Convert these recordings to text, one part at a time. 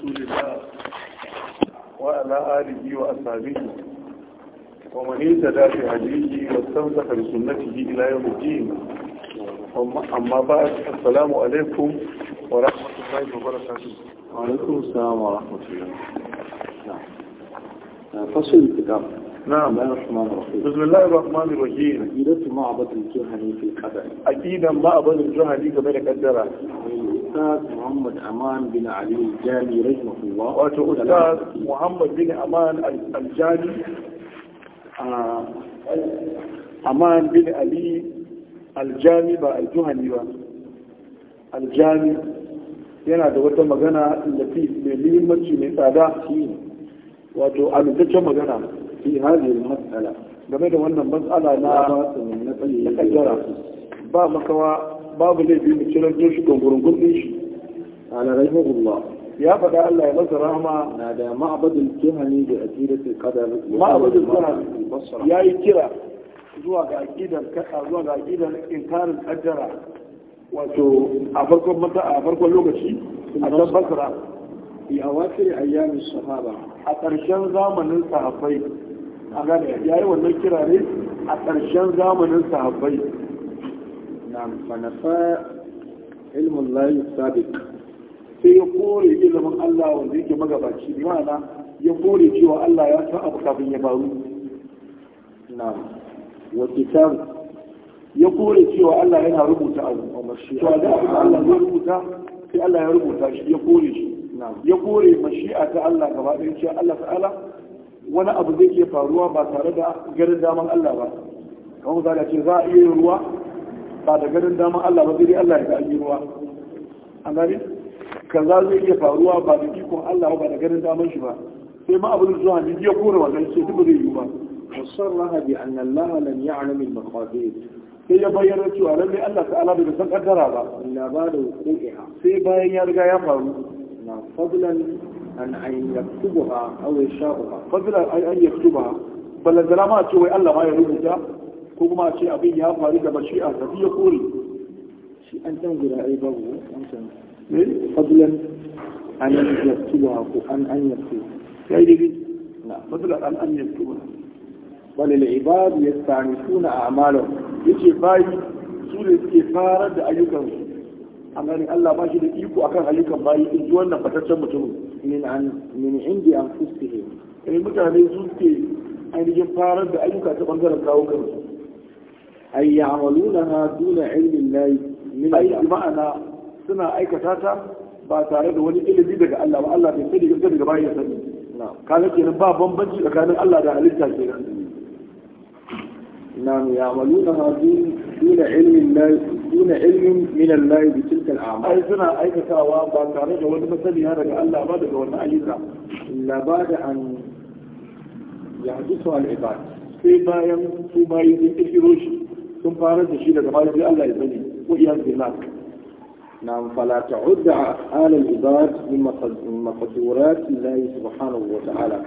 رسول الله وعلى آله وأصحابه ومن اهتدى حديثه واستمسك بسنته إلى يوم الدين أما بعد السلام عليكم ورحمة الله وبركاته وعليكم السلام ورحمة الله نعم. آه، فصل الكتاب نعم بسم الله الرحمن الرحيم بسم الله الرحمن الرحيم عقيدة معبد الجهني في القدر عقيدة معبد الجهني كما قدر استاذ محمد امان بن علي الجاني رحمه الله استاذ محمد بن امان الجاني امان بن علي الجاني با الجهني با الجاني yana da wata magana latif mai muhimmanci mai tsada shi wato amintaccen magana fi hajjiyar matsala game da wannan matsala na na kaddara ba makawa babu laifi mu cire jin shi gungurungun din shi ala rahimahullah ya faɗa Allah ya masa rahama na da ma'abadin kihani da aqidatul qadar ma'abadin kihani yayi kira zuwa ga aqidar kada zuwa ga aqidar inkarin qaddara wato a farkon mata a farkon lokaci a dan basra ya wace ayyamin sahaba a ƙarshen zamanin sahabbai a gane yayi wannan kirare a ƙarshen zamanin sahabbai نعم فنفاء علم الله السابق sai ya kore ilimin Allah wanda yake magabaci bi ya kore cewa Allah ya san abu kafin ya faru na wa ya kore cewa Allah yana rubuta abu to da Allah ya rubuta sai Allah ya rubuta shi ya kore ya kore mashi'a ta Allah gaba Allah wani abu zai iya faruwa ba tare da garin daman Allah ba kamar ce za a iya yin ruwa ba da ganin dama Allah ba zai Allah ya ga an yi ruwa an gane kaza zai iya faruwa ba da ikon Allah ba da ganin daman shi ba sai ma abin zuwa ne ya kore wannan sai duk zai yi ba wasarraha bi an Allah lam ya'lam al-maqadir sai ya bayyana cewa lalle Allah ta'ala bai san kaddara ba illa ba da wuqi'a sai bayan ya riga ya faru na fadlan an an yaktubuha aw yasha'uha fadlan an yaktubuha balan zalama ce wai Allah ma ya rubuta ko kuma a ce abin ya faru da bashi a tafi ya kore shi an can guda ai babu eh? an can fadlan an ba ko an an yattu sai dai na fadlan an an yattuwa bal al ibad yastanifuna a'malahum yace bayi su ne suke farar da ayyukan su amma ne Allah ba shi da iko akan ayyukan bayi in ji wannan fataccen mutum min an min indi an fusihi eh mutane su ke ainihin farar da ayyuka ta bangaren kawo kansu أي يعملونها دون علم الله من أي معنى سنة أي كتاتا باتارد ولي إلي دي دقاء نعم. الله والله بيسيدي قلت دقاء باية سنة كانت ينبع بمبنجي لكان الله دا ألتا نعم يعملونها دون دون علم الله دون علم من الله بتلك الأعمال أي سنة أي كتاوا باتارد ولي مسلي هذا الله بعد دون أيضا إلا بعد أن يحدثها العباد في بايم في بايم يكفروش sun fara da shi daga bayan Allah ya sani ko iya billah نعم فلا تعد أفعال العباد من مقدورات الله سبحانه وتعالى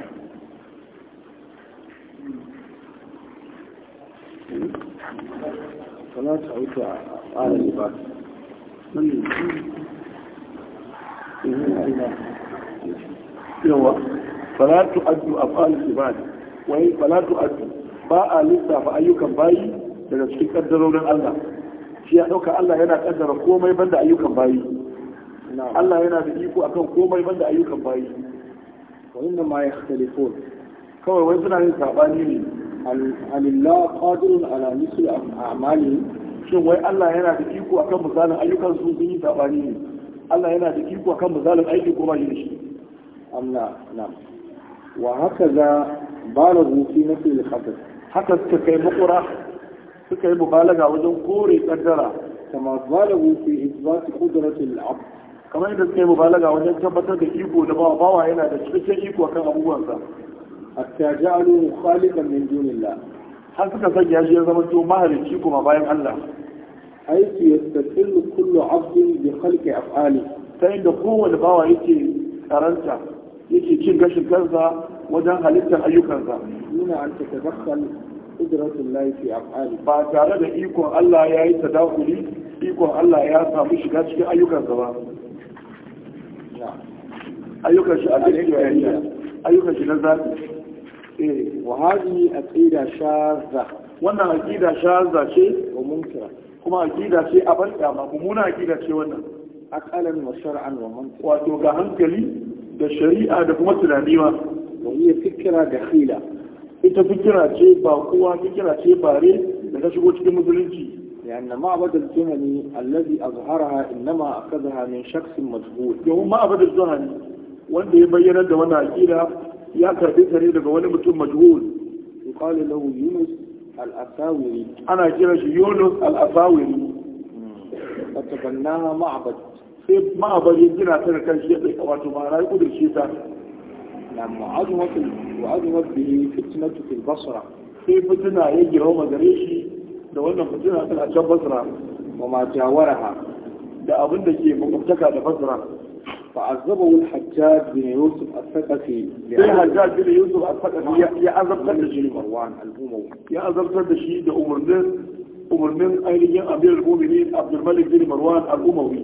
فلا تعد أفعال العباد من يوه فلا تعد أفعال العباد وهي فلا تعد باء لسه فأيك باي daga cikin kaddarorin Allah shi ya ɗauka Allah yana kaddara komai banda ayyukan bayi Allah yana da iko akan komai banda ayyukan bayi wa inna ma yakhtalifun kawai wai suna yin sabani ne alillah qadirun ala misli a'mali shin wai Allah yana da iko akan misalin ayyukan su sun yi sabani ne Allah yana da iko akan misalin aiki ko ba shi Allah na wa haka za ba balagu fi nafil khatar haka suka kai makura suka yi mubalaga wajen kore kaddara kama balagu fi isbat qudratil abd kamar yadda suka yi mubalaga wajen tabbatar da iko da bawa bawa yana da cikakken iko kan abubuwansa hatta ja'alu khaliqan min dunillah har suka sanya shi ya zama to mahalicci kuma bayan Allah aiki yastaqillu kullu 'abdin bi khalqi af'ali ta yadda kowane bawa yake karanta yake cin gashin kansa wajen halittar ayyukansa nuna an tatabakkal qudratul lahi fi af'ali ba tare da ikon Allah ya yi tadakuli ikon Allah ya samu shiga cikin ayyukan ba ayyukan shi a cikin ayyukan shi na zaɓi. eh wa hadi aqida wannan aqida shaza ce wa munkara kuma aqida ce a barka ma mummuna aqida ce wannan aqalan wa shar'an wa wato ga hankali da shari'a da kuma tunani ma wa hiya fikra ita fikira ce ba kowa fikira ce bare da ta shigo cikin musulunci لأن معبد الجهني الذي أظهرها إنما أخذها من شخص مجهول يوم معبد الجهني وأنت يبين أنه وأنا أكيدها يا كربيتني لك وأنا متون مجهول يقال له يونس الأساوري أنا أكيدها يونس الأساوري فتبناها معبد في معبد يجينا tana kan shi ya tsaye wato ma'ana ya لما عظمت وعظمت به فتنة في البصرة في فتنة يجي هو دريشي لو أن فتنة في الأجاب بصرة وما جاورها ده أظن شيء مقبتك بصرة فعذبه الحجاج بن يوسف الثقفي إيه الحجاج بن يوسف الثقفي يا أذب تدشي مروان الأموي يا أذب تدشي ده أمر من أين أمير المؤمنين عبد الملك بن مروان الأموي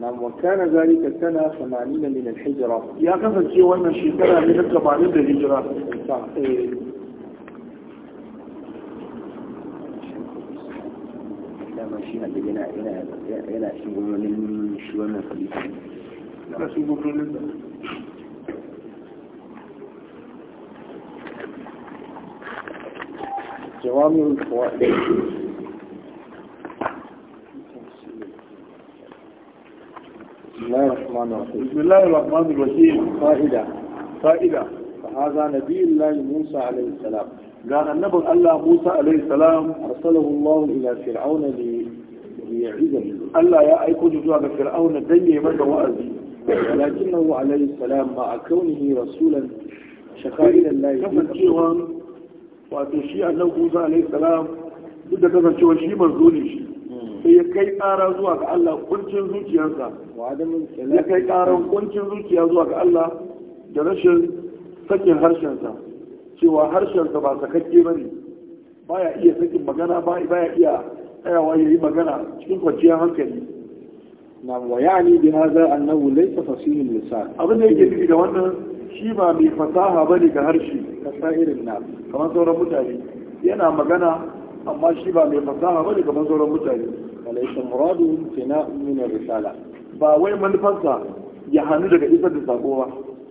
نعم وكان ذلك سنة ثمانين من الحجرة يا كفا كي وانا شي سنة من الثمانين من الحجرة نعم. لا ماشي هل بنا هنا هنا شو بقولون شو انا خليك لا شو بقولون جوامع القوائد الرحمن الرحيم بسم الله الرحمن الرحيم فائدة فائدة فهذا نبي الله موسى عليه السلام قال النبي الله موسى عليه السلام أرسله الله إلى فرعون ليعيده الله يا أي كنت جوا فرعون دنيا مدى وأزي ولكنه عليه السلام مع كونه رسولا شخائر الله يجب وأتشيء أنه موسى عليه السلام بدك أن تشوى شيء مرزولي شيء ya kai ƙara zuwa ga Allah kuncin zuciyarsa ya kai ƙaran kuncin zuciya zuwa ga Allah da rashin sakin harshensa cewa harshensa ba sakakke ba ne baya iya sakin magana baya iya tsayawa ya yi magana cikin kwanciyar hankali na wayani bi hadha annahu laysa fasihul lisan abin da yake nufi da wannan shi ba mai fasaha bane ga harshe ka sa'irin na kamar sauran mutane yana magana amma shi ba mai fasaha bane kamar sauran mutane walaysa muradu tina min risala ba wai manufarsa ya daga isar da sako ba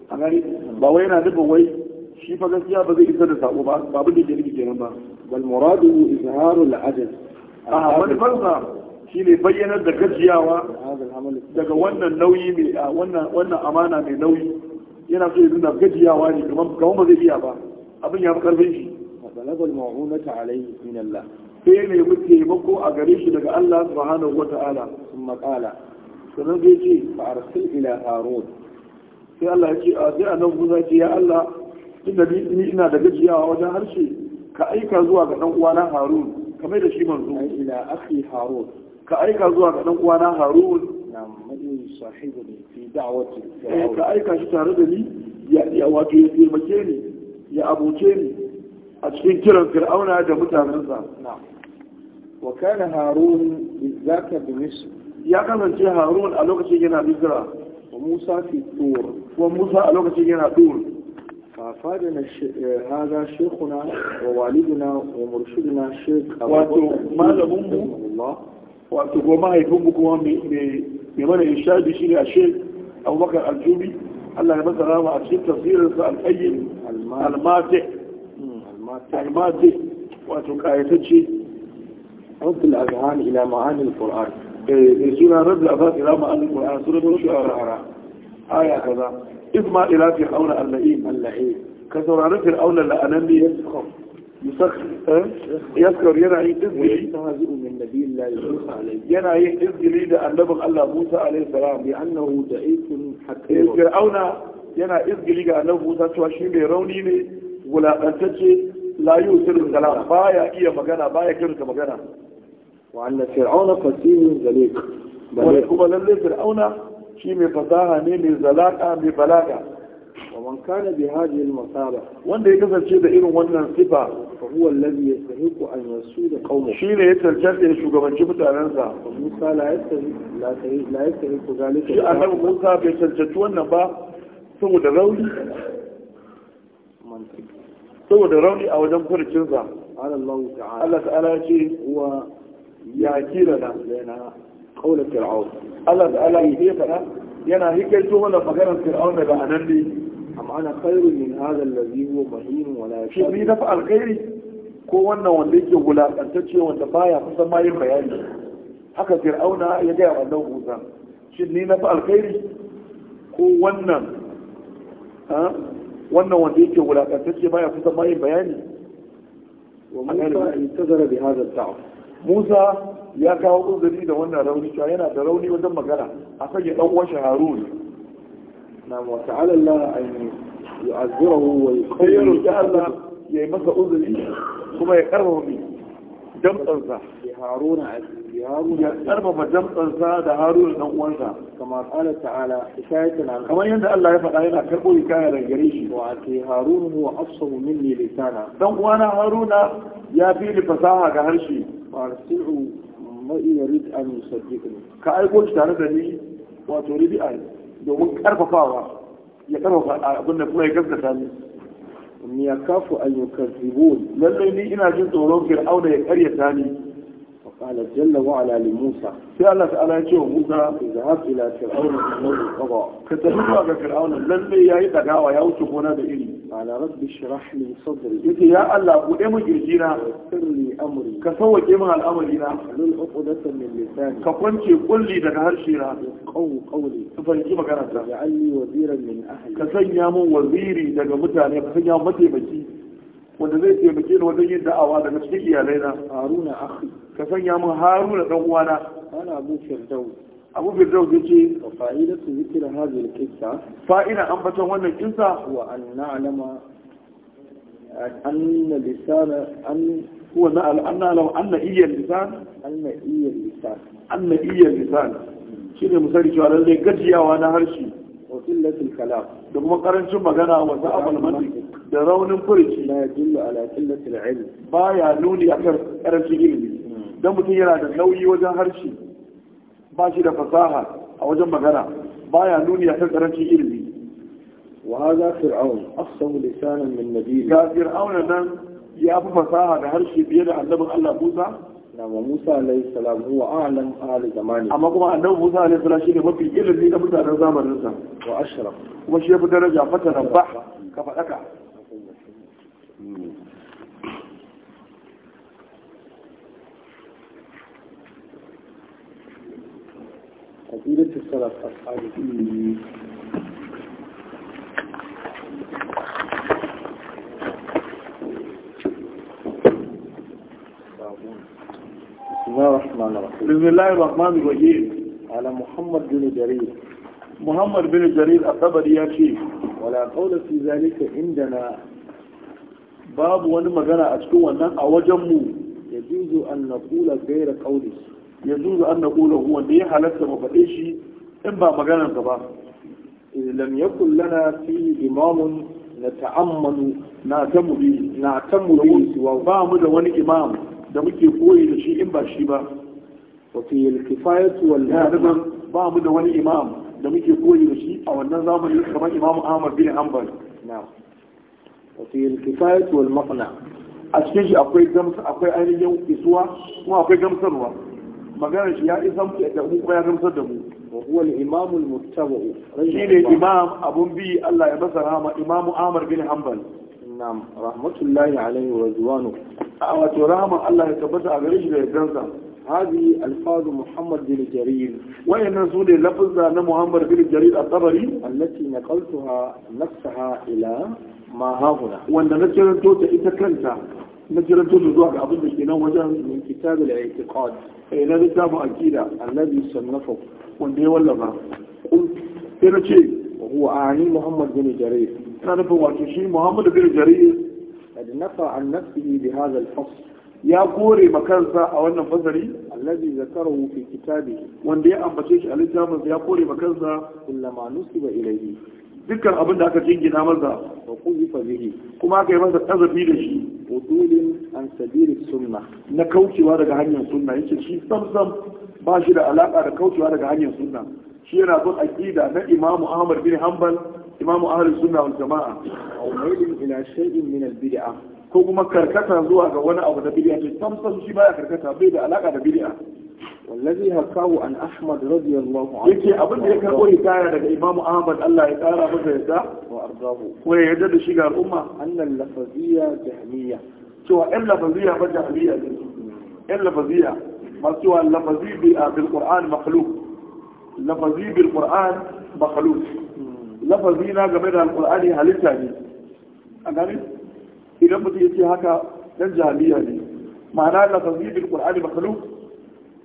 a gari ba wai yana nufin wai shi fa gaskiya ba zai isar da sako ba ba abin da ke nufi ba bal muradu izharu al-ajaz a manufarsa shine bayyanar da gajiyawa daga wannan nauyi mai wannan amana mai nauyi yana so ya nuna gajiyawa ne kamar ba zai ba abin ya fi shi fa talabal ma'unata Allah sai nemi taimako a gare shi daga Allah subhanahu Ta'ala, sun makala sannan zai ce fa arsil ila harun sai Allah ya ce a sai anan guza ce ya Allah inda ni ina da gajiyawa wajen harshe ka aika zuwa ga dan uwana harun kamar da shi manzo ila akhi harun ka aika zuwa ga dan uwana harun nam sahibi ne fi da'wati eh, ka aika shi tare da ni ya wato ya taimake ni ya abuce ni a cikin kiran fir'auna da mutanensa na'am wa kana harun bizaka bi misr ya kasance harun a lokacin yana bizra wa musa fi tur wa musa a lokacin yana tur فأفادنا هذا شيخنا ووالدنا ومرشدنا الشيخ واتو ما لمنه الله واتو وما يفهمكم بمن إنشاد شيء الشيخ أو بكر الجوبي الله يبقى رامع الشيخ تصير الحي الماتع الماتع واتو كايتشي عد الأذهان إلى معاني القرآن إيه، سورة رد الأذهان إلى معاني القرآن سورة الشعراء آية كذا إلا في فرعون اللئيم اللئيم كثر رد فرعون لأنني يسخر يسخر إيه؟ يسخر ينعي إذجلي تهزئ من نبي الله يوسف عليه ينعي إذجلي لأنبغ الله موسى عليه السلام لأنه ضعيف حتى إيه، فرعون yana izgili ga annabi Musa موسى shi mai ولا ne لا la yusir بايا إيا مغانا بايا baya مغانا wa anna fir'auna fasihun zalik bale kuma lalle fir'auna shi mai fasaha ne mai zalaka mai balaga wa man kana bi hadhihi wanda ya kasance da irin wannan sifa fa huwa alladhi yastahiqu an yasuda qawmu shi ne ya tantance shugabanci mutanansa Musa la yastahiqu la yastahiqu zalika shi annabi Musa bai tantance wannan ba saboda rauni a wajen furcinsa Allah ta'ala ya ce wa ya da na yana kaula fir'aun Allah da Allah ya fada yana hikaito mana maganar fir'aun da ba'anan ne amma ana khairu min hadha allazi huwa mahin wa la shi bi nafa alkhairi ko wannan wanda yake wulakantacce wanda baya kusan ma yin bayani haka fir'auna ya ga wannan huza shi ni nafa alkhairi ko wannan wannan wanda yake wulakantacce baya kusan ma yin bayani ومن انتظر بهذا الدعوه musa ya kawo uzuri da wannan rauni cewa yana da rauni wajen magana a sanya dan washe shi harun na wa ta'ala Allah an yu'azzirahu wa yuqawwiru ya Allah ya yi masa uzuri kuma ya karba mi damtsansa ya haruna harun ya karba damtsansa da harun dan uwansa kamar Allah ta'ala hikayatan kamar yadda Allah ya faɗa yana karbo hikaya daga gare shi wa ati harun huwa afsahu minni lisana dan uwana haruna ya fi fasaha ga harshe farsi'u ma'iya rid'an musaddiqin ka aiko shi tare da ni wato rid'an domin karfafawa ya karfafa abin kuma ya gaskata ni ni ya kafu an lallai ni ina jin tsoron fir'auna ya karyata ni قال جل وعلا لموسى في الله تعالى يجي موسى ذهب الى فرعون فمر القضاء كتبوا على فرعون لن يهي دغاوا يا وتو كونا ده إلي قال رب اشرح لي صدري يجي يا الله بودي من جرجينا سرني امري كسوجي من الامر هنا لن عقدة من لساني كفنتي قلي دغ هرشينا قو قولي فنجي مغانا جعلني وزيرا من اهلي كسنيا من وزيري دغ متاني كسنيا متي بكي wanda zai taimake ni wajen yin da'awa daga cikin iyalaina haruna akhi ka sanya min haruna dan uwana ana abu firdaus abu firdaus yace wa fa'idatu zikra hadhihi al-qissa fa'ida ambaton wannan kissa wa an na'lama anna lisana an huwa na'al an na'lam anna iyya lisan anna iyya lisan anna iyya lisan shine cewa lalle gajiyawa na harshe wa qillatul kalam da kuma karancin magana wa za'abul da raunin furici la yadullu ala qillatil ilm baya nuni akan karancin ilimi don mutum yana da nauyi wajen harshe ba shi da fasaha a wajen magana baya nuni a kan karancin ilimi wa za fir'aun afsahu lisanan min nabiyyi ga fir'aun nan ya fi fasaha da harshe biye da annabin Allah Musa na Musa alayhi salam huwa a'lam ahli zamani amma kuma annabi Musa alayhi salam shine mafi ilimi da mutanen zamaninsa wa ashraf kuma shi ya fi daraja fata rabba ka fadaka عقيدة السلف أصحابه بسم الله الرحمن الرحيم بسم الله الرحمن الرحيم على محمد بن جرير محمد بن جرير الطبري يا شيخ ولا قول في ذلك عندنا باب ونمغنى أشكو أنه أوجمه يجوز أن نقول غير قوله Yanzu zuzu an na wanda ya halatta mu shi in ba maganar ba lam yakul lana fi imamun na ta'ammanu na tamuri na tamuri ba mu da wani imam da muke koyi da shi in ba shi ba wa fi al-kifayatu wal ba mu da wani imam da muke koyi da shi a wannan zamanin kamar imamu ahmad bin hanbal na'am wa fi al-kifayatu wal maqna a cikin shi akwai gamsa akwai ainihin isuwa kuma akwai gamsarwa maganar shi ya isan da mu kuma ya gamsar da mu wa huwa al-imam al-muttaba shine imam abun bi Allah ya masa rahama imam bin Hanbal na'am rahmatullahi alaihi wa rizwanu a wato rahama Allah ya tabbata a gare shi da yardansa هذه ألفاظ محمد بن جرير وإن رسول لفظ محمد بن جرير الطبري التي نقلتها نفسها إلى ما ها هنا وأن نجرن توتا إتكنتا نجرن توتا زواج أبو من كتاب الاعتقاد eh na littafin akida annabi sannafa wanda ya wallafa sai na ce wa huwa ani muhammad bin jarir ina nufin wato shi muhammad bin jarir qad nafa an nafsihi bi hadha al-fasl ya kore makansa a wannan fasari allazi zakarahu fi kitabi wanda ya ambace shi a littafin ya kore makansa kullama nusiba ilayhi dukkan abin da aka jingina masa wa kuzifa bihi kuma aka yi masa kazafi da shi wudulin an sabili sunna na kaucewa daga hanyar sunna yace shi samsam ba shi da alaka da kaucewa daga hanyar sunna shi yana bin aqida na Imam Ahmad bin Hanbal Imam Ahlus Sunna wal Jama'a aw mailin ila shay'in min al bid'ah ko kuma karkata zuwa ga wani abu da bid'a to sam sam shi baya karkata bai da alaka da bid'a wallazi hakahu an ahmad radiyallahu anhu yake abinda ya karbo hikaya daga imamu ahmad Allah ya kara masa yadda wa ardahu ko ya yadda da shiga al'umma annal lafaziyya jahmiya cewa ɗan lafaziyya ne ɗan lafaziyya masu cewa lafazi bil qur'an makhluq lafazi bil qur'an lafazi na game da alqur'ani halitta ne a gani idan mutum ya ce haka dan jahmiya ne ma'ana lafazi bil qur'an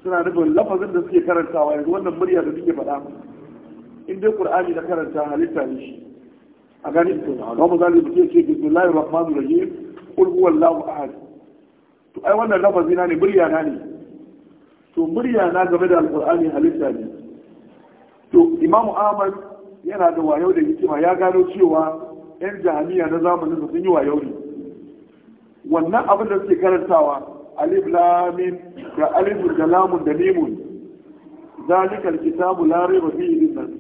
suna nufin lafazin da suke karantawa yanzu wannan murya da suke faɗa in dai qur'ani na karanta halitta ne shi a gani ba mu zalimi ke ce bismillahir rahmanir rahim qul huwallahu ahad to ai wannan lafazi na ne murya na ne to murya na game da alqur'ani halitta ne to imamu ahmad yana da wayo da hikima ya gano cewa yan jami'a na zamanin sun yi wayo ne wannan abin da suke karantawa alif lamim da alif da da nimun zalika alkitabu la rayba fihi dinnan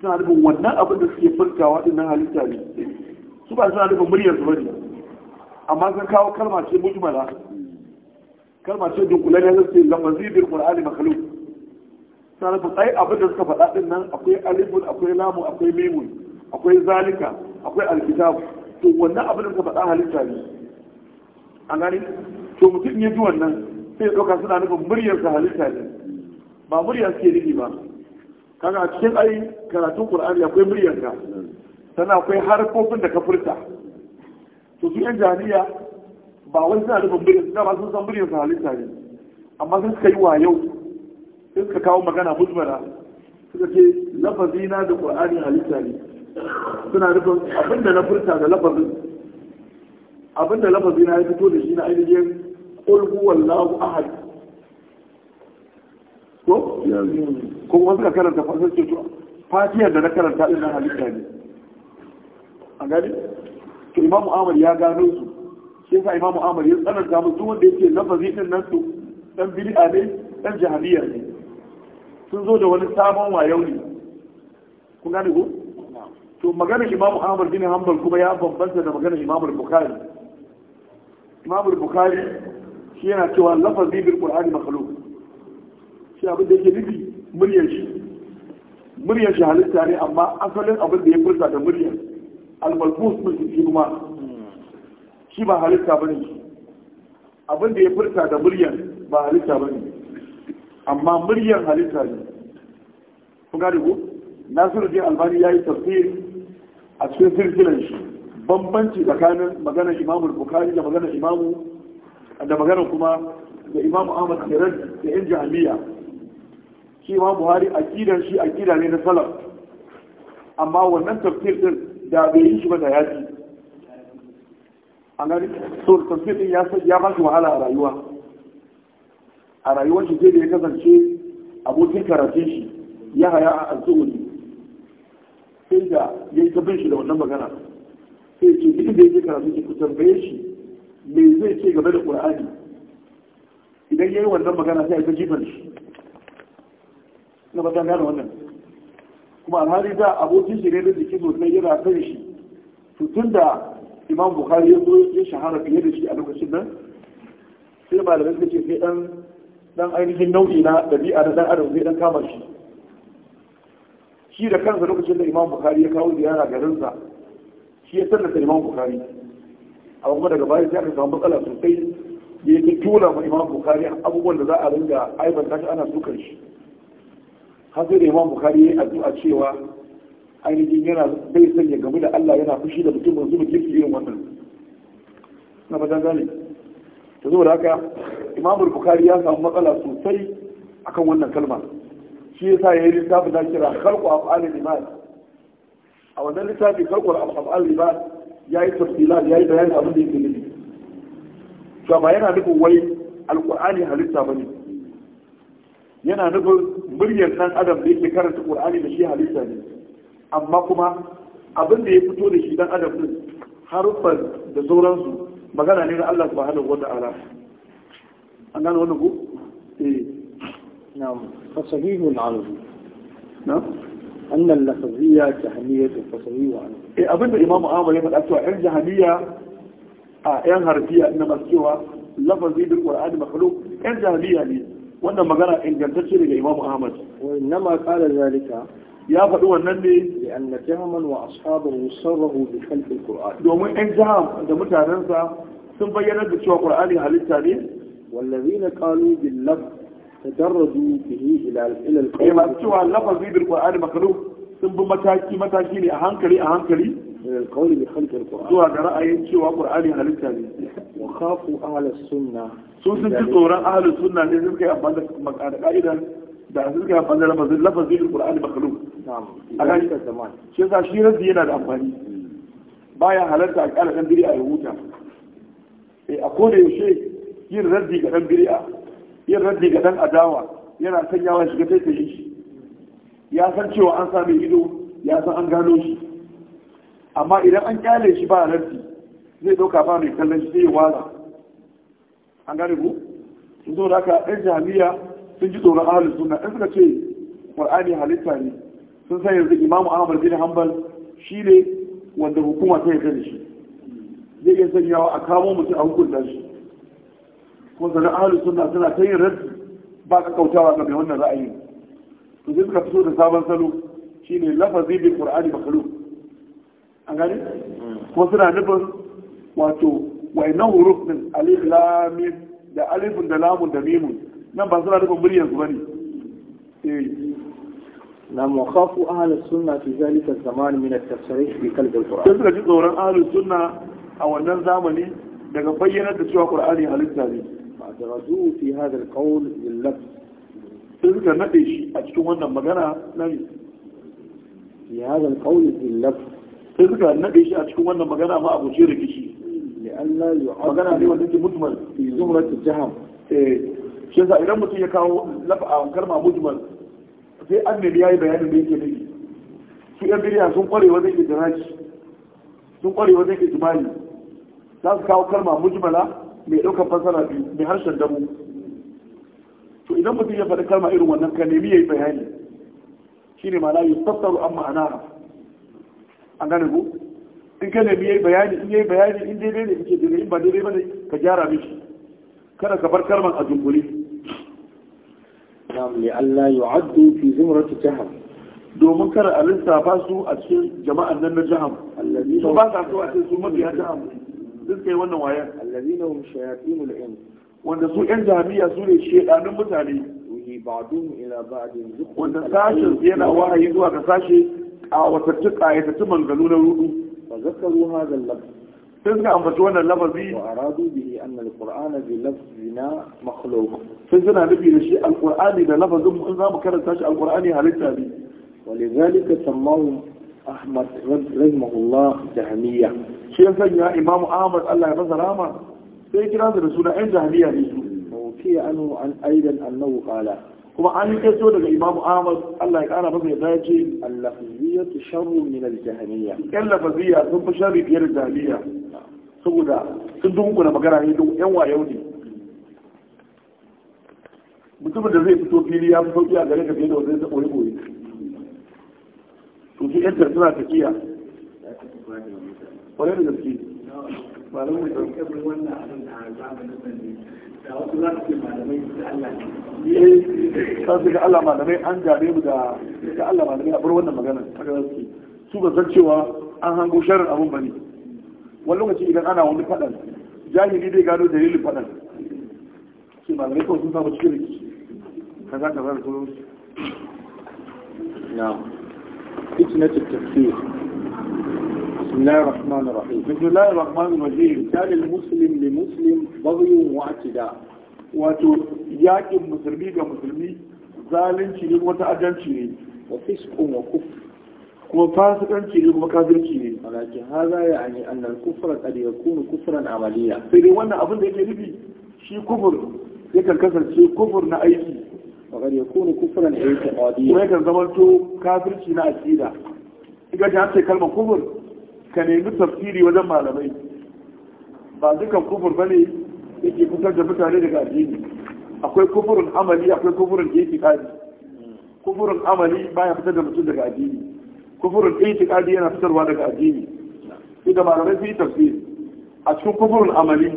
suna nufin wannan abin da suke furtawa nan halitta ne su ba suna da muryar su bane amma sun kawo kalma ce mujmala kalma ce dunkulallen sun ce lamazi bil qur'ani makhluq suna nufin sai abin da suka faɗa nan, akwai alifun akwai lamun akwai mimun akwai zalika akwai alkitabu to wannan abin da suka faɗa halitta ne a gani to mutum ya ji wannan sai ya ɗauka suna nufin muryarsa halitta ne ba murya suke nufi ba kaga a cikin ai karatun qur'ani akwai muryarka sannan akwai harkokin da ka furta to su yan jami'a ba wani suna nufin muryar sa ba sun san muryarsa halitta ne amma sun suka yi wa yau sun suka kawo magana mujmara suka ce lafazina da qur'ani halitta ne suna nufin abinda na furta da lafazin abinda lafazi na ya fito da shi na ainihin ƙulhu a ahad ko ko wasu ka karanta fasar ce Fatiya da na karanta ɗin halitta ne a gani to imamu amur ya gano su shi sa imamu amur ya tsananta musu wanda yake lafazi ɗin nan su ɗan bili'a ne ɗan jahaliya ne sun zo da wani sabon wayau ne kun gane ko to maganar imamu amur bin hanbal kuma ya bambanta da maganar imamu bukhari imamul bukhari shi yana cewa lafazi bil qur'an makhluq shi abin da yake nufi muryar shi muryar shi halitta ne amma asalin abin da ya furta da muryar al-malbus min shi kuma shi ba halitta bane abin da ya furta da muryar ba halitta bane amma muryar halitta ne kun gane ko nasiru din albani yayi tafsir a cikin silsilar shi bambanci tsakanin maganar imamu bukari da maganar imamu da maganar kuma da imamu ahmad kiran da yan jami'a shi imamu buhari akidar shi akida ne na salaf amma wannan tafsir din da bai yi shi ba da ya ci an gani so tafsir din ya ba shi wahala a rayuwa a rayuwar shi zai da ya kasance abokin karatun shi ya haya a alzuhuri sai da ya yi ta shi da wannan magana sai ce duk da yake karatu ki ku tambaye shi me zai ce game da ƙur'ani. idan yayi wannan magana sai ka jifan shi na ba ta gane wannan kuma alhali da abokin shi ne da jiki sosai yana kan shi to da imam bukhari ya zo ya shahara fiye da shi a lokacin nan sai malamai suka ce sai dan dan ainihin nau'i na ɗabi'a na dan adam sai dan kama shi shi da kansa lokacin da imam bukhari ya kawo ziyara garinsa shi ya sanna imam bukari a kuma daga baya sai aka samu matsala sosai ya yi tura ma imam bukari abubuwan da za a ringa aibanta shi ana sukar shi har sai da imam bukari ya yi addu'a cewa ainihin yana bai sanya game da Allah yana fushi da mutum yanzu mutum su irin wannan na fatan gane ta zo da haka imamul bukari ya samu matsala sosai akan wannan kalma shi yasa ya yi littafin da kira a fa'alin imani a wannan littafi farkon al'amari riba ya yi tafsila ya yi bayanin abin da yake nufi to ba yana nufin wai alqur'ani halitta bane yana nufin muryar dan adam da yake karanta qur'ani da shi halitta ne amma kuma abin da ya fito da shi dan adam din haruffan da sauransu magana ne na Allah subhanahu wata'ala an gano wannan ku eh na'am fa sahihul arzu na'am annan lafaziyya jahamiyya ta fasari wa an eh abinda imamu ahmad ya faɗa cewa yan jahamiyya a yan harfiya ina masu cewa lafazi da qur'ani makhluq yan jahamiyya ne wannan magana ingantacce daga imamu ahmad wa innama qala zalika ya faɗi wannan ne da anna jahaman wa ashabahu sarrahu bi khalqi alquran domin yan jaham da mutanensa sun bayyana da cewa qur'ani halitta ne wallazina qalu bil lafz tadarraju bihi ila ila al masu cewa lafazi bil qur'ani makaluf sun bi mataki mataki ne a hankali a hankali القول بخلق القرآن سوى رأي شيء وقرآن أهل التالي وخافوا أهل السنة ne سنتطورا أهل السنة لازم كي da sun ga fanda da lafazin alqur'ani makhluq a ga shi zaman shi yasa shi razi yana da amfani baya halarta a kala dan bid'a ya huta eh a koda yaushe yin razi ga dan biria yin raddi ga dan adawa yana sanyawa shiga taitayin shi ya san cewa an sami ido ya san an gano shi amma idan an kyale shi ba raddi zai dauka ba mai kallon shi zai wala an gane ku sun zo da ɗan jami'a sun ji tsoron ahalin suna ɗan suka ce ƙwar'ani halitta ne sun san yanzu imamu ahmad bin hanbal shi ne wanda hukuma ta yi da shi zai iya sanyawa a kamo mutum a hukunta shi ko zana ahalu suna suna ta yin raddi ba ka kautawa ga mai wannan ra'ayi to sai suka fito da sabon salo shine lafazi bil qur'ani makhluq an gani kuma suna nufin wato wayannan huruf din alif lam da alifun da lamun da mimun nan ba suna nufin muryan su bane eh na mukhafu ahli sunna fi zalika zaman min at-tasrih bi qalb al-qur'an sai suka ji tsoron ahli sunna a wannan zamani daga bayyanar da cewa qur'ani halitta ne فأدرجوه في هذا القول لللبس تلك نقش أتكون أن مجانا نبي في هذا القول لللبس تلك نقش أتكون أن مجانا ما أبو شيرك شيء لألا يعرف مجانا لي وانت مجمل في زمرة الجهم shi yasa idan mutum ya kawo lafa'a kalma mujmal sai annabi yayi bayanin da yake nufi su yan biriya sun kware wajen idraji sun kware wajen ijmali za su kawo kalma mujmala mai ɗaukar fassara biyu mai harshen damu to idan mutum ya faɗi kalma irin wannan ka nemi ya yi bayani shine ma'ana yi fassaru an ma'ana an gane ku in ka nemi ya yi bayani in ya yi bayani in daidai ne kake daidai in ba daidai ba ne ka gyara mishi kada ka bar kalman a dunkule Allah لئلا يعدوا fi زمرة jahar. domin kada a ba su a cikin jama'an nan na jahar. jihar. Ba za su a cikin su mabiya jahar. duk kai wannan wayan hum shayatinul wanda su yan jami'a su ne shedanun mutane yuhi ba'dun ila ba'din wanda sashin yana wahayi zuwa ga sashi a ƙayatattun manganu na rudu fa zakaru hadha al-lafz sai suka ambaci wannan lafazi wa aradu bihi anna al-qur'ana bi lafzina makhluq sai suna nufi da shi al-qur'ani da lafazin mu in mu karanta shi al-qur'ani halitta ne ولذلك سماهم أحمد رحمه الله جهمية shi ya sanya imamu ahmad allah ya masa rama sai kira su da suna yan jahiliya ne su anu an aidan annahu qala kuma an daga imamu ahmad allah ya kara masa ya dace al-lafziyatu sharru min al-jahiliya yan lafziya sun fi sharri fiye da jahiliya saboda sun dunku na magana ne duk yan wayo ne mutumin da zai fito fili ya fi sauki a gare ka fiye da wanda zai ɓoye ɓoye to shi yan suna tafiya kwarai da gaske malamai da suka bi wannan abin da zamanin nan ne da wasu za su ce malamai da Allah ne ta eh, su ga Allah malamai an gare mu da ga Allah malamai a bar wannan magana haka za gaske su ba san cewa an hango sharar abun ba ne wani lokaci idan ana wani faɗan jahili zai gano dalilin faɗan sai malamai kawai sun samu cikin rikici kaza kaza da sauransu na fitnatul بسم الله الرحمن الرحيم بسم الله الرحمن الرحيم كان المسلم لمسلم بغي wato yakin musulmi ga musulmi zalunci ne wata adanci ne wa fiskun kuf kuma fasikanci ne kuma kafirci ne alakin haza ya ani annal kufra qad yakunu kufran amaliya sai dai wannan abin da yake nufi shi kufur yakan kasance kufur na aiki wa qad yakunu kufran i'tiqadiyya kuma yakan zama to kafirci na aqida idan ta ce kalmar kufur ka nemi tafsiri wajen malamai ba dukan kufur bane yake fitar da mutane daga addini akwai kufurin amali akwai kufurin itikadi kufurin amali baya fitar da mutum daga addini kufurin itikadi yana fitarwa daga addini sai da malamai su yi tafsiri a cikin kufurin amali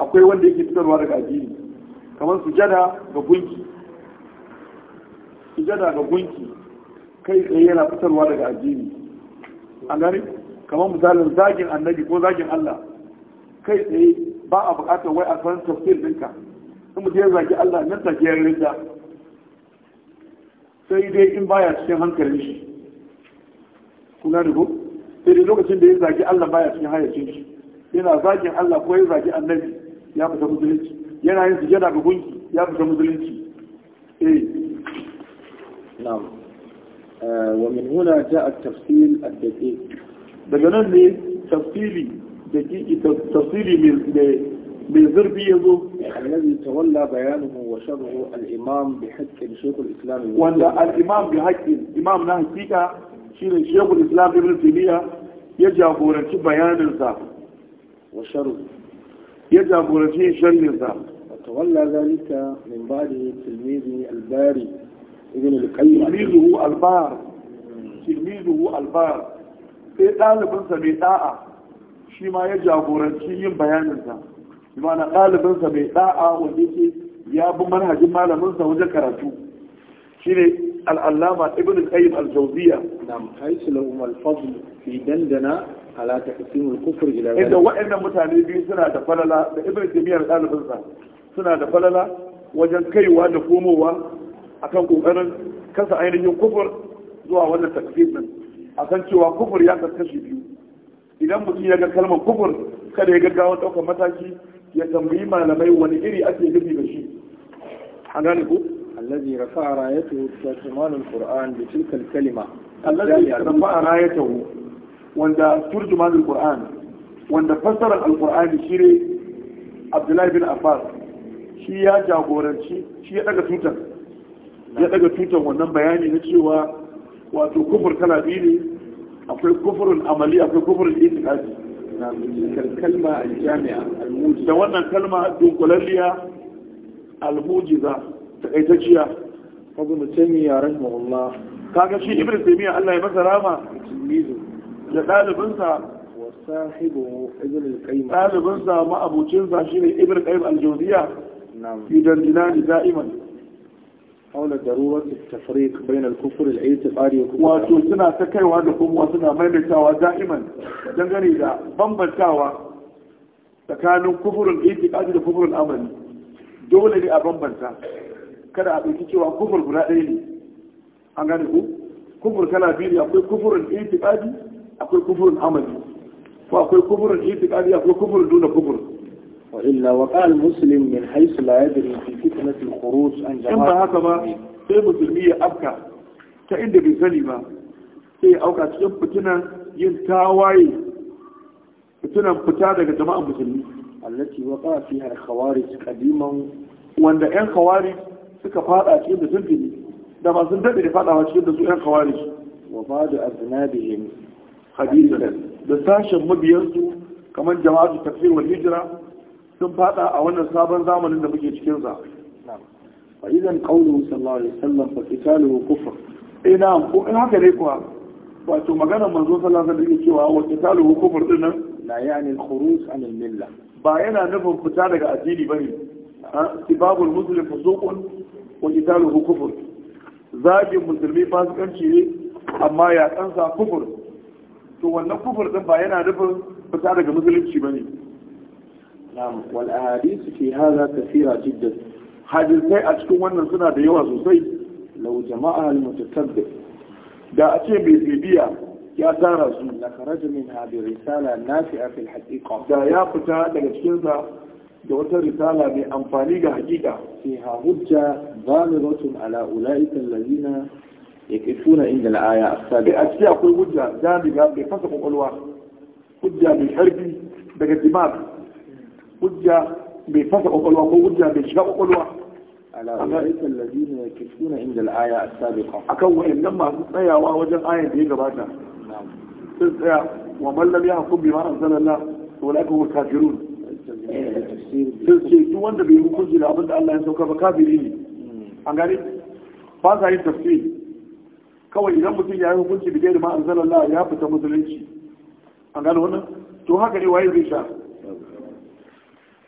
akwai wanda yake fitarwa daga addini kamar sujada ga gunki sujada ga gunki kai tsaye yana fitarwa daga addini A gane kamar misalin zagin annabi ko zagin Allah kai tsaye ba a bukatar wai a san tafsir dinka in mutum ya zagi Allah nan take ya rinda sai dai in baya cikin hankalin shi kuna da ko sai dai lokacin da ya zagi Allah baya cikin hayyacin shi yana zagin Allah ko ya zagi annabi ya fita musulunci yana yin sujada ga gunki ya fita musulunci eh na'am ومن هنا جاء التفصيل الدقيق daga nan ne tafsiri da kiki tafsiri mai zurfi ya zo allazi tawalla bayanuhu wa sharhu al-imam bi haqqin shaykh al-islam wanda al-imam bi haqqin imam na hakika shine shaykh al-islam ibn taymiya ya jagoranci bayanin sa wa sharhu ya jagoranci sharhin sa tawalla zalika min ba'di tilmidi al-bari ibn al-qayyim tilmiduhu al-bar tilmiduhu al-bar sai ɗalibinsa mai ɗa'a shi ma ya jagoranci yin bayaninsa na ɗalibinsa mai ɗa'a wanda ke ya bi manhajin malaminsa wajen karatu shine al'allama ibn al-qayyim al-jawziya na haisu fadl fi dandana ala taqsim kufr ila inda mutane biyu suna da falala da ibn ɗalibinsa suna da falala wajen kaiwa da komowa akan kokarin kasa ainihin kufur zuwa wannan taqsim din a san cewa kufur ya shi biyu idan mutum ya ga kalmar kufur kada ya gaggawa ɗaukar mataki ya tambayi malamai wani iri ake nufi da shi A gane ku allazi rafa'a rayatu tarjumanul qur'an bi tilkal kalima allazi rafa'a rayatu wanda turjumanul qur'an wanda fassarar alqur'ani shire abdullahi bin abbas shi ya jagoranci shi ya daga tutan. ya daga tutan wannan bayani na cewa wato kufur kana biyu ne akwai kufurin amali akwai kufurin itikadi kalma a aljami'a da wannan kalma dunkulalliya almujiza takaitacciya kaga mutum ya rahimahullah kaga shi ibn taymiya Allah ya masa rama da dalibinsa wasahibu ibn al-qayyim dalibinsa ma abucin sa shine ibn qayyim al-jawziya Idan dandinani da'iman haula darurar tafrik bayan al-kufur al-i'tiqadi wato suna ta kaiwa da kuma suna maimaitawa da'iman dangane da bambantawa tsakanin kufurin i'tiqadi da kufurin amali dole ne a bambanta kada a ɗauki cewa kufur guda ɗaya ne an gane ku kufur kala biyu ne akwai kufurin i'tiqadi akwai kufurin amali ko akwai kufurin i'tiqadi akwai kufurin duna kufurin وإلا وقع المسلم من حيث لا يدري في فتنة الخروج عن جماعة إما هكذا في مسلمية أبكى تعند بسلمة في أوقع تجنب فتنة ينتاوي فتنة فتنة جماعة مسلمين التي وقع فيها الخوارج قديما وأن أين خوارج سكفاء أكيد سنتني ده ما سنتني فاتها أكيد سوء أين خوارج وبعد أذنابهم حديثا da sashen mabiyansu kamar jama'atu tafsir wal hijira sun fada a wannan sabon zamanin da muke cikin sa fa idan qawlu sallallahu alaihi wasallam fa qitaluhu kufr ina eh, ko in haka ne kuwa wato magana manzo sallallahu alaihi wasallam cewa wa qitaluhu kufr din nan la yani al-khuruj an al-milla ba yana nufin fita daga addini bane sibabul muslim fusuqun wa qitaluhu kufr zagin musulmi fasikanci ne amma ya kansa kufur to wannan kufur din ba yana nufin fita daga musulunci bane na'am ke ahadith fi hadha kathira jiddan a cikin wannan suna da yawa sosai lau jama'a al mutatabbi da a ce mai bibiya ya tara su la kharaja min hadhihi risala nafi'a fil haqiqa da ya fita daga cikin sa da wata risala mai amfani ga hakika fi ha hujja zaliratun ala ulaika allazina yaqifuna inda al-aya as-sabi'a eh, a ciki akwai hujja da mai fasa kwakwalwa hujja mai harbi daga dimag hujja bai fasa kwakwalwa ko hujja bai shiga kwakwalwa ala ulaika alladhina yakfuna inda al-aya sabiqa akan wayannan masu tsayawa wajen ayar da ya gabata sun tsaya wa mallam man lam yahkum bima anzalallah ulaika hum kafirun sun ce duk wanda bai hukunci da abin da Allah ya sauka ba kafiri ne hmm. an gane ba sa yin tafsir kawai idan mutum ya yi hukunci da gairi ma anzalallah ya fita musulunci an gane wannan to haka ne waye zai sha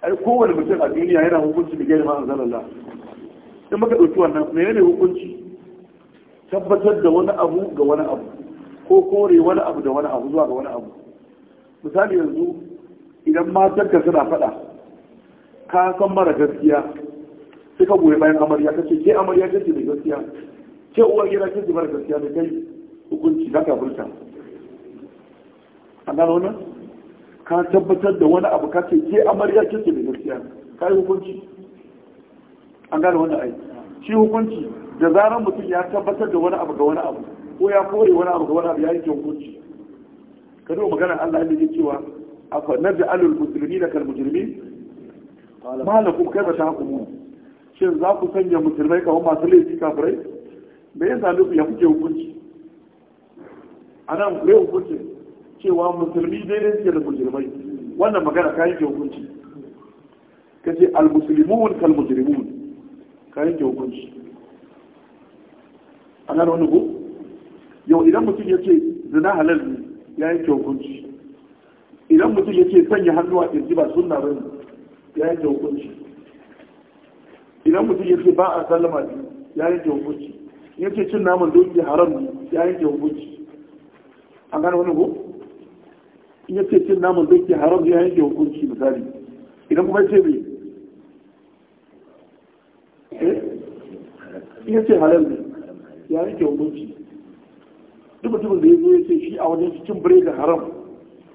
ai kowane mutum a duniya yana hukunci da gari ma'an zalalla sai maka ɗauki wannan mai ne hukunci tabbatar da wani abu ga wani abu ko kore wani abu da wani abu zuwa ga wani abu misali yanzu idan ka suna faɗa ka san mara gaskiya sai ka goyi bayan amarya ka ce ke amarya ce da gaskiya ke uwar gida ce mara gaskiya da kai hukunci za ka furta an gano wannan ka tabbatar da wani abu ka ce ke amarya ce ce gaskiya ka yi hukunci an gane wannan ai shi hukunci da zarar mutum ya tabbatar da wani abu ga wani abu ko ya kore wani abu ga wani abu ya yi hukunci ka zo magana Allah ya yi cewa afa naj'alul muslimina kal mujrimin malakum kaifa tahkumun shin za ku sanya musulmai kamar masu laifi kafirai me yasa nufi ya kuke hukunci anan ku hukunci cewa musulmi dai ne suke da mujrimai wannan magana ka yanke hukunci ka ce al-muslimun kal mujrimun ka yanke hukunci an gano wani ko yau idan mutum ya ce zina halal ne ya yanke hukunci idan mutum ya ce sanya hannu a kirji ba sunna ba ya yanke hukunci idan mutum ya ce ba a sallama ne ya yanke hukunci ya ce cin naman doki haram ne ya yanke hukunci an gano wani ko in ya ce cin naman zai ke haram ya yanke hukunci misali idan kuma ce bai eh? in ya ce halal ne ya yanke hukunci duk mutumin da ya zo ya ce shi a wajen cin bire da haram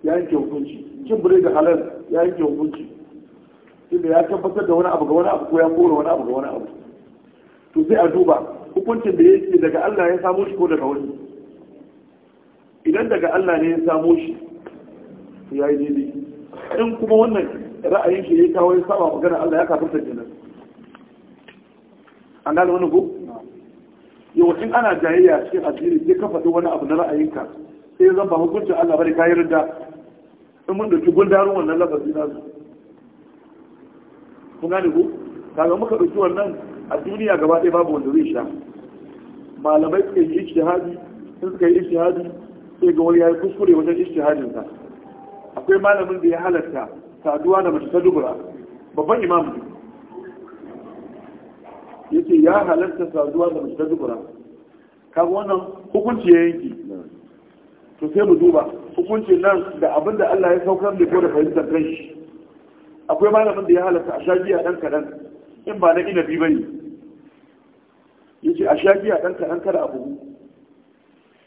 ya yanke hukunci cin bire da halal ya yanke hukunci inda ya tabbatar da wani abu ga wani abu ko ya kora wani abu ga wani abu to sai a duba hukuncin da yake daga Allah ya samo shi ko daga wani idan daga Allah ne ya samo shi to yayi daidai in kuma wannan ra'ayin shi ya kawo ya saba magana Allah ya ta kenan an gane wani ko yau in ana jayayya cikin addini sai ka faɗi wani abu na ra'ayinka sai zan ba hukuncin Allah bari kayi rinda in mun dauki gundarun wannan lafazi na su kun gane ko kaga muka dauki wannan a duniya gaba ɗaya babu wanda zai sha malamai suka yi ishtihadi sun suka yi ishtihadi sai ga wani ya yi kuskure wajen ishtihadin sa akwai malamin da ya halarta saduwa da mace ta dubura babban imam ne yace ya halarta saduwa da mace ta dubura kaga wannan hukunci ya yanki to sai mu duba hukunci nan da abin da Allah ya saukar da ko da fahimtar kan shi akwai malamin da ya halarta a shagiya dan kadan in ba na inabi bane yace a shagiya dan kadan kada abu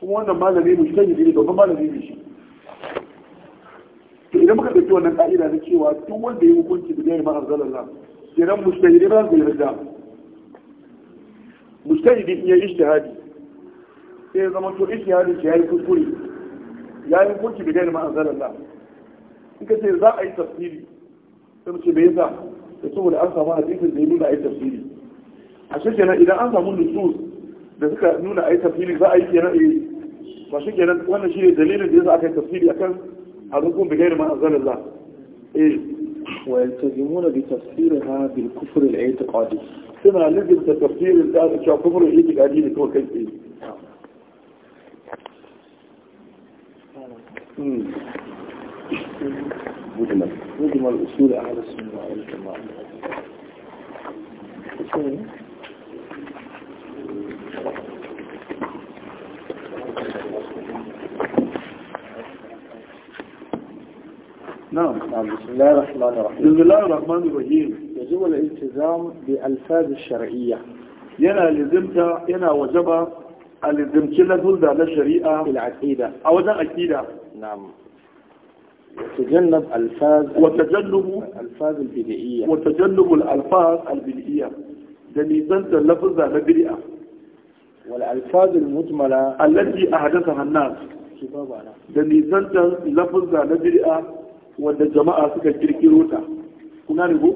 kuma wannan malami mu shi ne domin malami ne shi to idan muka ɗauki wannan ƙa'ida na cewa duk wanda ya hukunci da gairi ma'ar zalalla idan mustahidi ba zai yarda mustahidi in ya ishtihadi sai ya zama to ishtihadin shi ya yi kuskure ya yi hukunci da jami'a a zalala in ka ce za a yi tafsiri sai mace bai yasa da saboda an samu hadisin da ya nuna a yi tafsiri a shi kenan idan an samu nusus da suka nuna a yi tafsiri za a yi kenan eh ba shi kenan wannan shi ne dalilin da ya za aka yi tafsiri akan أظنكم بغير ما أنزل الله إيه ويلتزمون بتفسيرها بالكفر الاعتقادي سمع لازم تفسير الآن شو كفر الاعتقادي لكو كيف إيه؟ مجمل مجمل أصول أهل السنة والجماعة نعم. نعم بسم الله الرحمن الرحيم بسم الله الرحمن الرحيم يجب الالتزام بالفاظ الشرعية ينا لزمت ينا وجب الالتزام كلا ذلك الشريعه العقيدة أو ذا عقيده نعم وتجنب الفاظ وتجنب الفاظ البدئية وتجنب الألفاظ البدئية دليزنت اللفظ البدئة والألفاظ المجملة التي أحدثها الناس دليزنت اللفظ البدئة wanda jama'a suka kirkiro ta kuna ne ko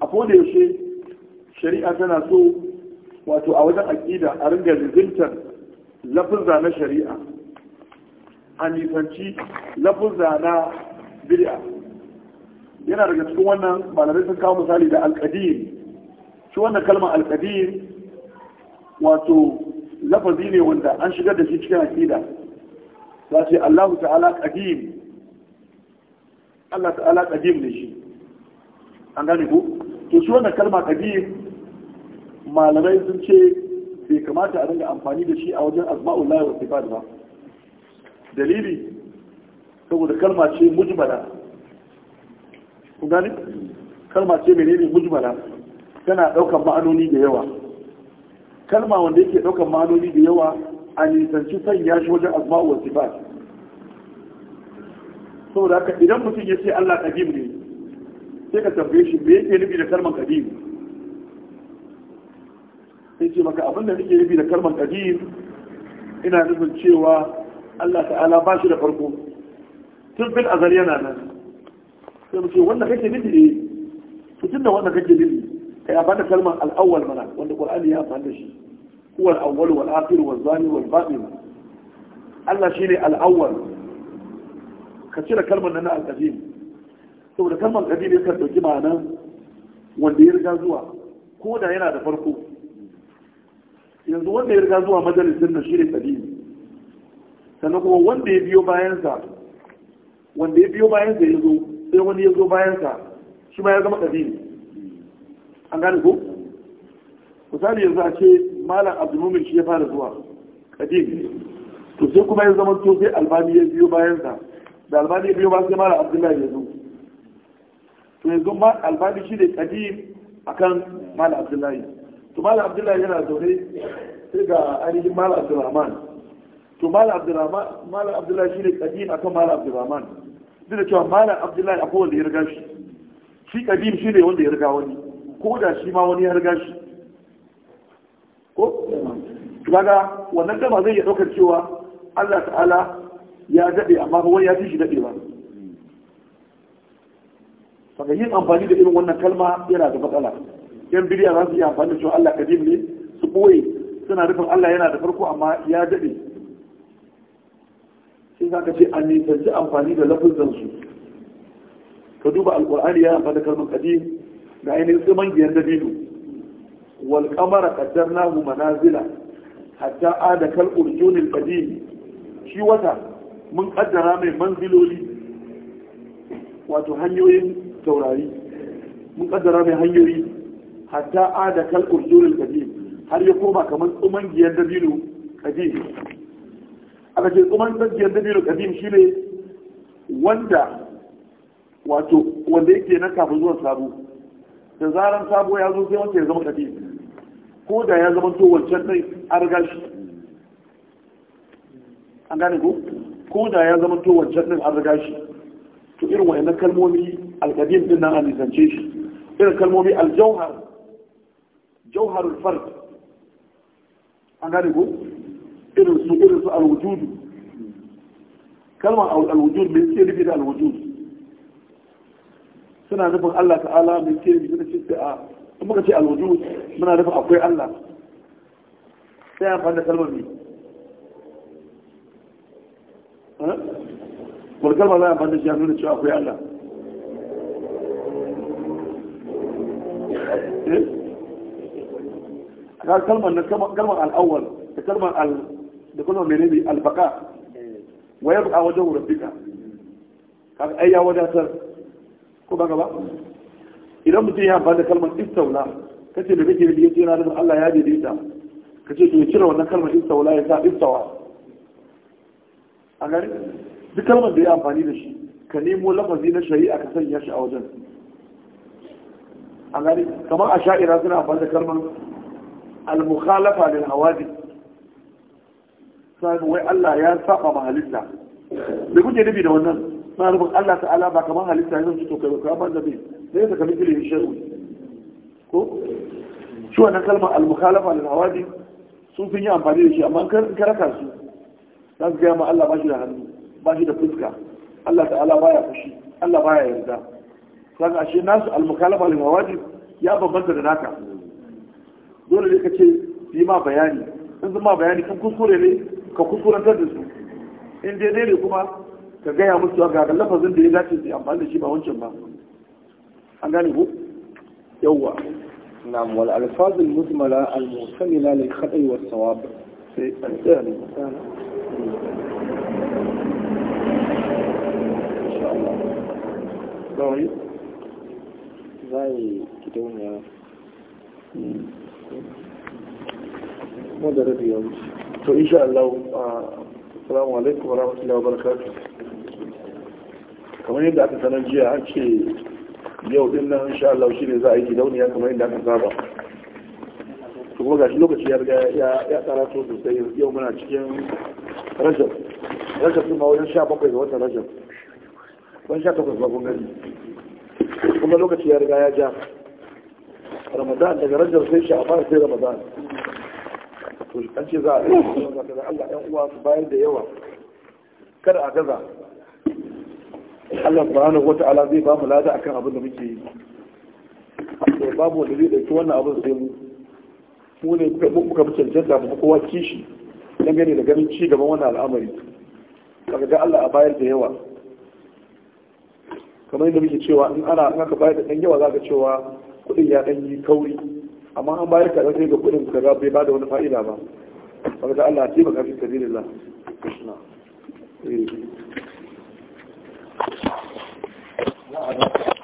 a koda yaushe shari'a tana so wato a wajen aƙida a ringa rizintar lafuzza na shari'a a nisanci lafuzza na bid'a yana daga cikin wannan malamai sun kawo misali da alƙadir shi wannan kalmar alƙadir wato lafazi ne wanda an shigar da shi cikin aƙida ta ce Allahu ta'ala qadim Allah ta'ala qadim ne shi an gane ko to shi wannan kalma qadim malamai sun ce bai kamata a dinga amfani da shi a wajen asma'ul lahi wa sifat ba dalili saboda kalma ce mujmala kun gane kalma ce menene mujmala tana ɗaukan ma'anoni da yawa kalma wanda yake ɗaukan ma'anoni da yawa a nisanci sanya shi wajen asma'ul sifat saboda haka idan mutum ya ce Allah kadim ne sai ka tambaye shi me yake nufi da kalmar kadim sai ce maka abin da nake nufi da kalmar kadim ina nufin cewa Allah ta'ala ba shi da farko tun bin azal yana nan sai mu ce wanda kake nufi ne fitin da wanda kake nufi kai a bada kalmar al-awwal mana wanda Qur'ani ya amfani da shi huwa al-awwal wal akhir wal zahir wal batin Allah shine al-awwal ka cire kalmar nan na alƙadim saboda kalmar ƙadim yakan ɗauki ma'ana. wanda ya riga zuwa ko da yana da farko yanzu wanda ya riga zuwa majalisin nan shi ne ƙadim sannan kuma wanda ya biyo bayansa wanda ya biyo bayansa ya zo sai wani ya zo bayansa shi ma ya zama ƙadim an gane ko misali yanzu a ce malam abdulmumin shi ya fara zuwa ƙadim to sai kuma ya zama to sai albani ya biyo bayansa da albani biyu ba sai mara abdullahi ya zo to yanzu ma albani shi ne kadim kan mara abdullahi to mara abdullahi yana zaune sai ga ainihin mara abdurrahman to mara abdurrahman mala abdullahi shi ne kadim kan mara abdurrahman duk da cewa mara abdullahi akwai wanda ya riga shi shi kadim shi ne wanda ya riga wani ko da shi ma wani ya riga shi ko kaga wannan dama zai iya ɗaukar cewa Allah ta'ala ya daɗe amma wani ya fi shi ba. saka yin amfani da irin wannan kalma yana da matsala yan bidiya za su yi amfani da cewa Allah kadim ne su ɓoye suna nufin Allah yana da farko amma ya daɗe sai za ka ce a nisanci amfani da lafizansu ka duba alƙur'ani ya amfani da kalmar kadim ga ainihin tsiman giyar dabino wal kamara qaddarnahu manazila hatta ada kal urjunil qadim shi wata mun kaddara mai manziloli wato hanyoyin taurari mun kaddara mai hanyoyi hatta a da kalkur jurin kaji har ya koma kamar tsuman giyar dabino kadim A ce tsuman giyar dabino shi shine wanda wato wanda yake na kafin zuwan sabo da zaran sabo ya zo sai wanda ya zama kaji ko da ya zama to wancan ɗin an shi an gane ko ko da ya zama to wancan din an riga shi to irin wayannan kalmomi alqadim din nan an nisance shi irin kalmomi aljauhar jauharul fard an gane ko irin su irin su alwujudu kalmar alwujud mai ce rufi da alwujud suna nufin Allah ta'ala mai ce rufi da cikin a in muka ce alwujud muna nufin akwai Allah sai amfani da kalmar mai Eh? wani a eh? ka kalmar na kalmar al'awwal da kalmar al da kalmar ya wadatar ko ba gaba idan mutum ya bada kalmar kace da ranar Allah ya daidaita kace to ya cire wannan kalmar istawla ya sa istawa a gari duk kalmar da ya amfani da shi ka nemo lafazi na shari'a kasan sanya shi a wajen a gari kamar a sha'ira suna amfani da kalmar al-mukhalafa lil hawadi sai wai Allah ya saba ma halitta me kuke nufi da wannan na rubun Allah ta'ala ba kamar halitta ya zanci to kai ka ban da me sai ka kalli fili shi ko shi wannan kalmar al-mukhalafa lil hawadi sun fi yi amfani da shi amma kan karaka su za gaya ma Allah ba shi da hannu ba shi da fuska Allah ta'ala baya fushi Allah baya yarda kaga ashe nasu al-mukalafa al wajib ya bambanta da naka dole ne ka ce yi ma bayani in zama bayani kan kuskure ne ka kuskurantar da su in daidai ne kuma ka gaya musu ga ga lafazin da ya dace su amfani da shi ba wancan ba an gane ku yawwa نعم والألفاظ المجملة المرسلة للخطأ والصواب في الثاني Um uh, kamar yadda aka sanar jiya an ce yau din nan insha Allah ne za a yi gidauniya kamar yadda aka saba to kuma gashi lokaci ya ya tsara to sosai yau muna cikin rajab rajab kuma wajen sha bakwai ga watan rajab ban sha takwas ba kun gani kuma lokaci ya riga ya ja ramadan daga rajab sai sha sha'ban sai ramadan to an ce za a yi da Allah ɗan uwa su bayar da yawa kada a gaza Allah subhanahu wa ta'ala zai ba mu lada akan abin da muke yi to babu wanda zai ɗauki wannan abin sai mu mu ne muka fi cancanta mu kowa kishi dangane da ganin ci gaban wannan al'amari kaga ga Allah a bayar da yawa kamar yadda muke cewa in ana in aka bayar da dan yawa zaka cewa kuɗin ya dan yi kauri amma an bayar kaɗan sai ga kuɗin kaga bai ba da wani fa'ida ba kaga ga Allah ya baka kafin sabilillah krishna eh